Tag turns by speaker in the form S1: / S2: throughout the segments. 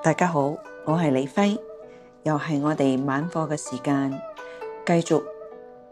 S1: 大家好，我係李輝，又係我哋晚課嘅時間，繼續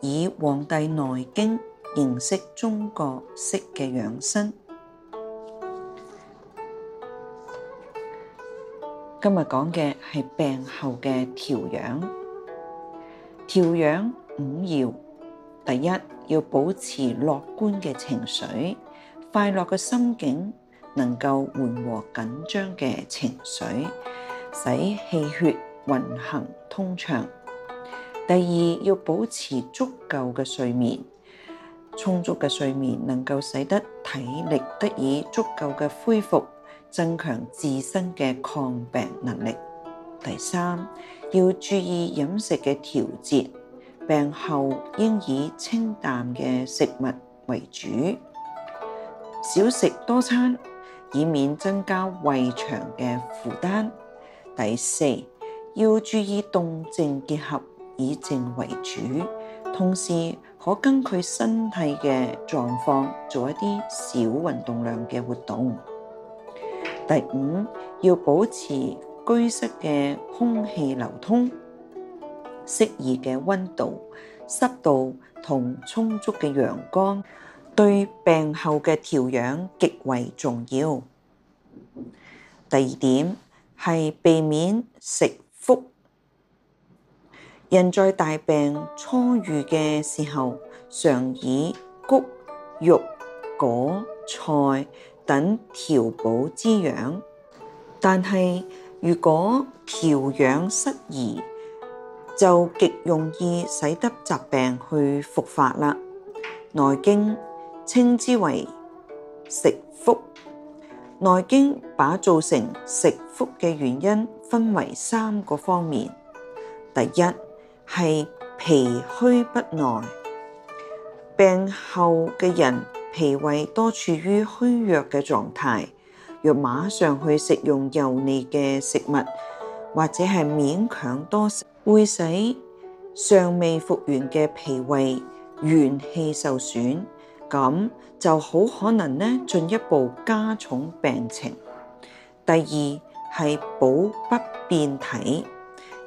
S1: 以《黃帝內經》認識中國式嘅養生。今日講嘅係病後嘅調養，調養五要，第一要保持樂觀嘅情緒，快樂嘅心境。能夠緩和緊張嘅情緒，使氣血運行通暢。第二，要保持足夠嘅睡眠。充足嘅睡眠能夠使得體力得以足夠嘅恢復，增強自身嘅抗病能力。第三，要注意飲食嘅調節。病後應以清淡嘅食物為主，少食多餐。以免增加胃腸嘅負擔。第四，要注意動靜結合，以靜為主，同時可根據身體嘅狀況做一啲小運動量嘅活動。第五，要保持居室嘅空氣流通、適宜嘅溫度、濕度同充足嘅陽光，對病後嘅調養極為重要。第二點係避免食復。人在大病初愈嘅時候，常以谷、肉、果、菜等調補滋養，但係如果調養失宜，就極容易使得疾病去復發啦。《內經》稱之為食復。《內經》把造成食復嘅原因分為三個方面，第一係脾虛不耐，病後嘅人脾胃多處於虛弱嘅狀態，若馬上去食用油膩嘅食物，或者係勉強多食會，會使尚未復原嘅脾胃元氣受損。咁就好可能呢，進一步加重病情。第二係補不辨體，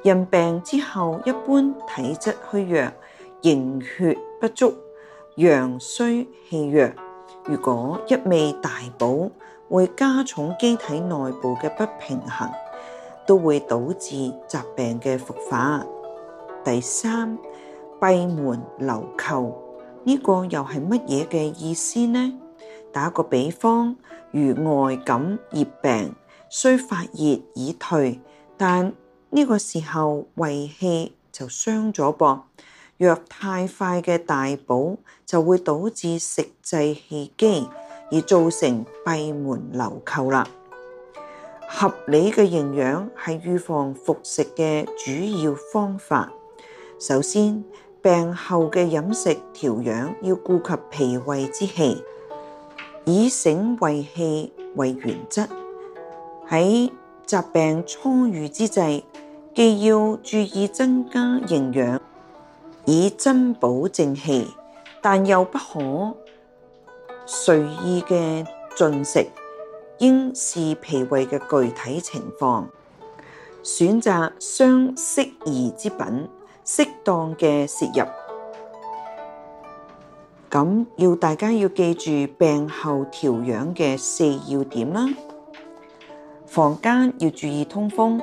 S1: 人病之後一般體質虛弱，營血不足，陽衰氣弱。如果一味大補，會加重機體內部嘅不平衡，都會導致疾病嘅復發。第三，閉門留寇。呢個又係乜嘢嘅意思呢？打個比方，如外感熱病，雖發熱已退，但呢個時候胃氣就傷咗噃。若太快嘅大補，就會導致食滯氣機，而造成閉門留寇啦。合理嘅營養係預防復食嘅主要方法。首先。病後嘅飲食調養要顧及脾胃之氣，以醒胃氣為原則。喺疾病初愈之際，既要注意增加營養，以增補正氣，但又不可隨意嘅進食，應視脾胃嘅具體情況，選擇相適宜之品。適當嘅攝入，咁要大家要記住病後調養嘅四要點啦。房間要注意通風，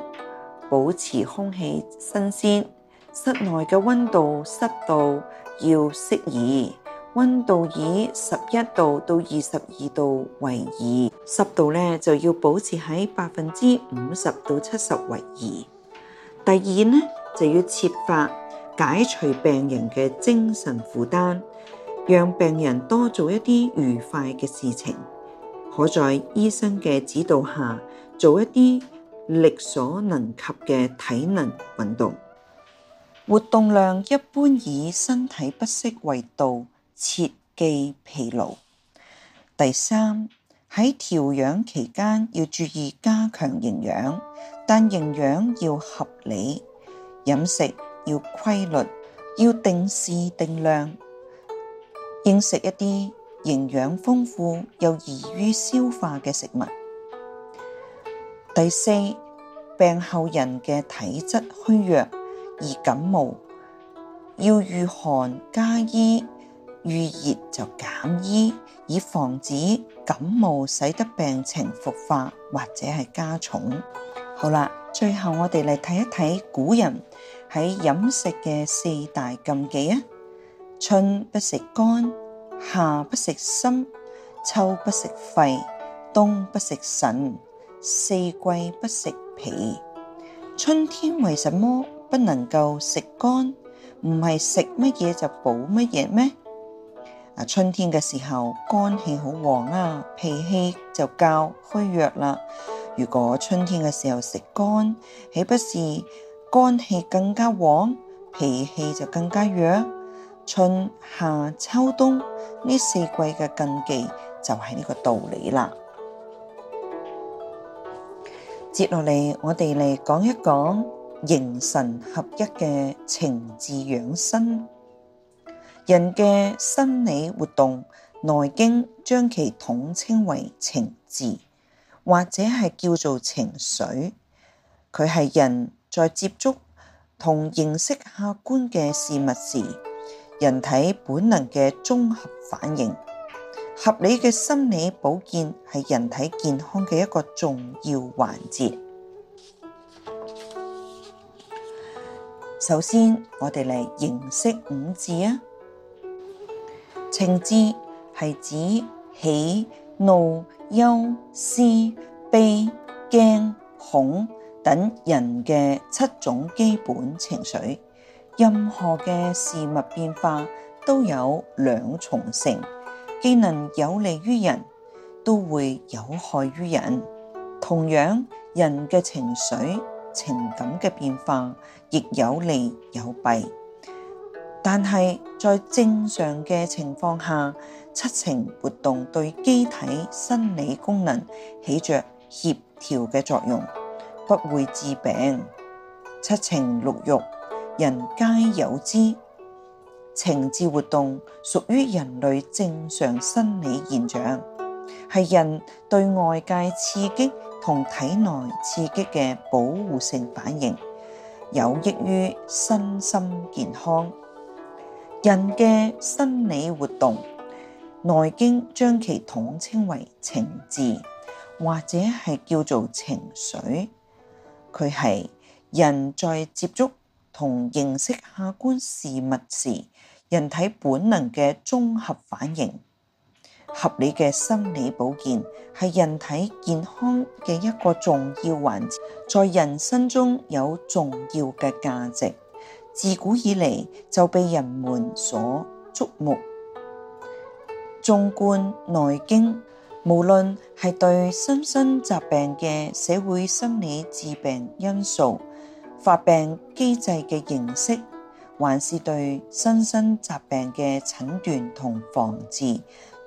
S1: 保持空氣新鮮。室內嘅温度濕度要適宜，温度以十一度到二十二度為宜，濕度咧就要保持喺百分之五十到七十為宜。第二呢。就要設法解除病人嘅精神負擔，讓病人多做一啲愉快嘅事情。可在醫生嘅指導下，做一啲力所能及嘅體能運動，活動量一般以身體不適為度，切忌疲勞。第三，喺調養期間要注意加強營養，但營養要合理。飲食要規律，要定時定量，應食一啲營養豐富又易於消化嘅食物。第四，病後人嘅體質虛弱而感冒，要遇寒加衣，遇熱就減衣，以防止感冒使得病情複發或者係加重。好啦。最後我哋嚟睇一睇古人喺飲食嘅四大禁忌啊！春不食肝，夏不食心，秋不食肺，冬不食腎，四季不食脾。春天為什麼不能夠食肝？唔係食乜嘢就補乜嘢咩？啊，春天嘅時候肝氣好旺啊，脾氣就較虛弱啦。如果春天嘅時候食肝，豈不是肝氣更加旺，脾氣就更加弱？春夏秋冬呢四季嘅禁忌就係呢個道理啦。接落嚟，我哋嚟講一講形神合一嘅情志養生。人嘅生理活動，《內經》將其統稱為情志。或者係叫做情緒，佢係人在接觸同認識客觀嘅事物時，人體本能嘅綜合反應。合理嘅心理保健係人體健康嘅一個重要環節。首先，我哋嚟認識五志啊，情志係指喜怒、憂、思、悲、驚、恐等人嘅七種基本情緒，任何嘅事物變化都有兩重性，既能有利於人，都會有害於人。同樣，人嘅情緒、情感嘅變化亦有利有弊，但係在正常嘅情況下。七情活動對機體生理功能起着協調嘅作用，不會致病。七情六欲，人皆有之。情志活動屬於人類正常生理現象，係人對外界刺激同體內刺激嘅保護性反應，有益於身心健康。人嘅生理活動。內經將其統稱為情志，或者係叫做情緒。佢係人在接觸同認識客觀事物時，人體本能嘅綜合反應。合理嘅心理保健係人體健康嘅一個重要環節，在人生中有重要嘅價值。自古以嚟就被人們所矚目。縱觀《內經》，無論係對新生疾病嘅社會心理致病因素、發病機制嘅認識，還是對新生疾病嘅診斷同防治，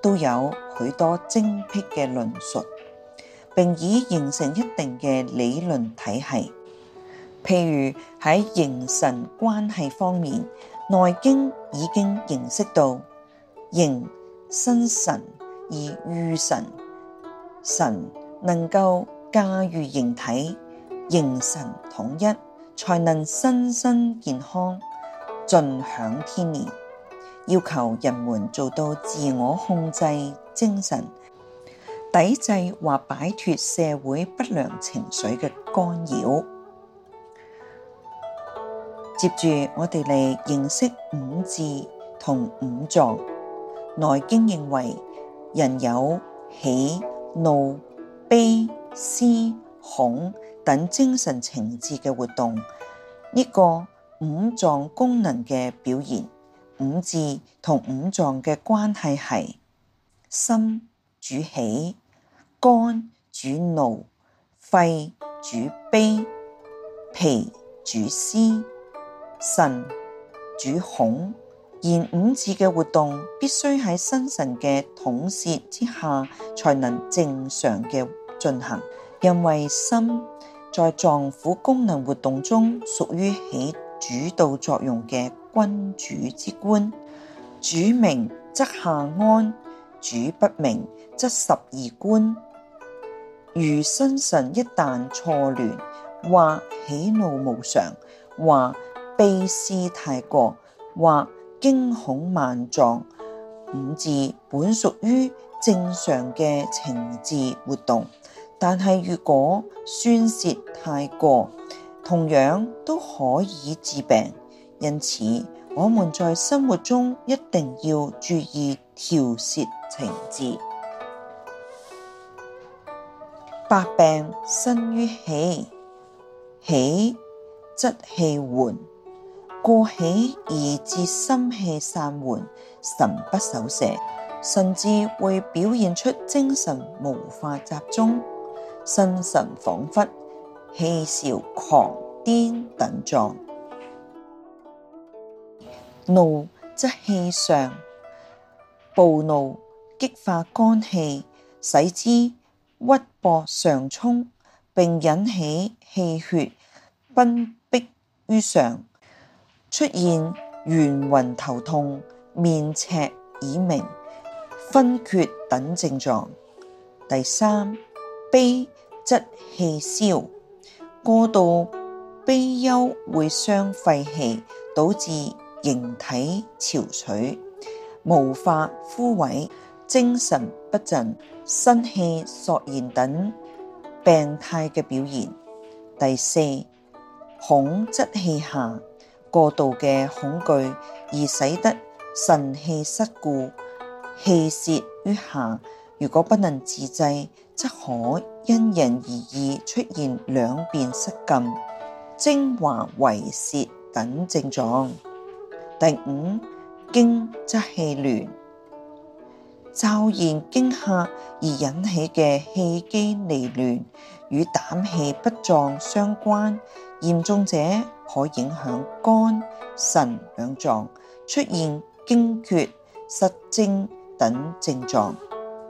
S1: 都有許多精辟嘅論述，並已形成一定嘅理論體系。譬如喺形神關係方面，《內經》已經認識到形。心神而御神，神能夠駕馭形體，形神統一，才能身心健康，盡享天年。要求人們做到自我控制精神，抵制或擺脫社會不良情緒嘅干擾。接住我哋嚟認識五志同五臟。內經認為人有喜怒悲思恐等精神情志嘅活動，呢個五臟功能嘅表現。五志同五臟嘅關係係心主喜，肝主怒，肺主悲，脾主思，腎主恐。而五志嘅活動必須喺心神嘅統攝之下，才能正常嘅進行。因為心在臟腑功能活動中屬於起主導作用嘅君主之官，主明則下安，主不明則十二官。如心神一旦錯亂，或喜怒無常，或悲思太過，或驚恐萬狀，五志本屬於正常嘅情志活動，但係如果宣泄太過，同樣都可以致病。因此，我們在生活中一定要注意調攝情志。百病生於氣，喜則氣緩。過喜而致心氣散緩，神不守舍，甚至會表現出精神無法集中、心神恍惚、氣少狂癲等狀。怒則氣上，暴怒激發肝氣，使之鬱勃上沖，並引起氣血奔逼於上，出現眩暈、頭痛、面赤、耳鳴、昏厥等症狀。第三，悲則氣消，過度悲憂會傷肺氣，導致形體憔悴、毛發枯萎、精神不振、身氣索然等病態嘅表現。第四，恐則氣下。過度嘅恐懼而使得腎氣失固，氣泄於下。如果不能自制，則可因人而異出現兩便失禁、精華遺泄等症狀。第五，驚則氣亂，驟然驚吓而引起嘅氣機逆亂，與膽氣不壯相關。嚴重者。可影響肝腎兩臟，出現驚厥、失精等症狀。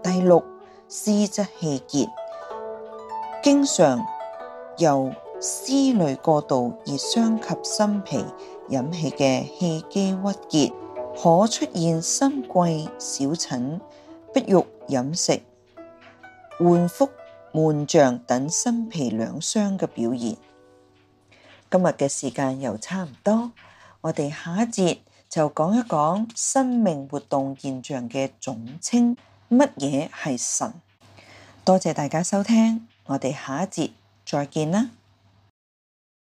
S1: 第六，思則氣結，經常由思慮過度而傷及心脾，引起嘅氣機鬱結，可出現心悸、小疹、不欲飲食、換腹、悶脹等心脾兩傷嘅表現。今日嘅時間又差唔多，我哋下一節就講一講生命活動現象嘅總稱，乜嘢係神？多謝大家收聽，我哋下一節再見啦。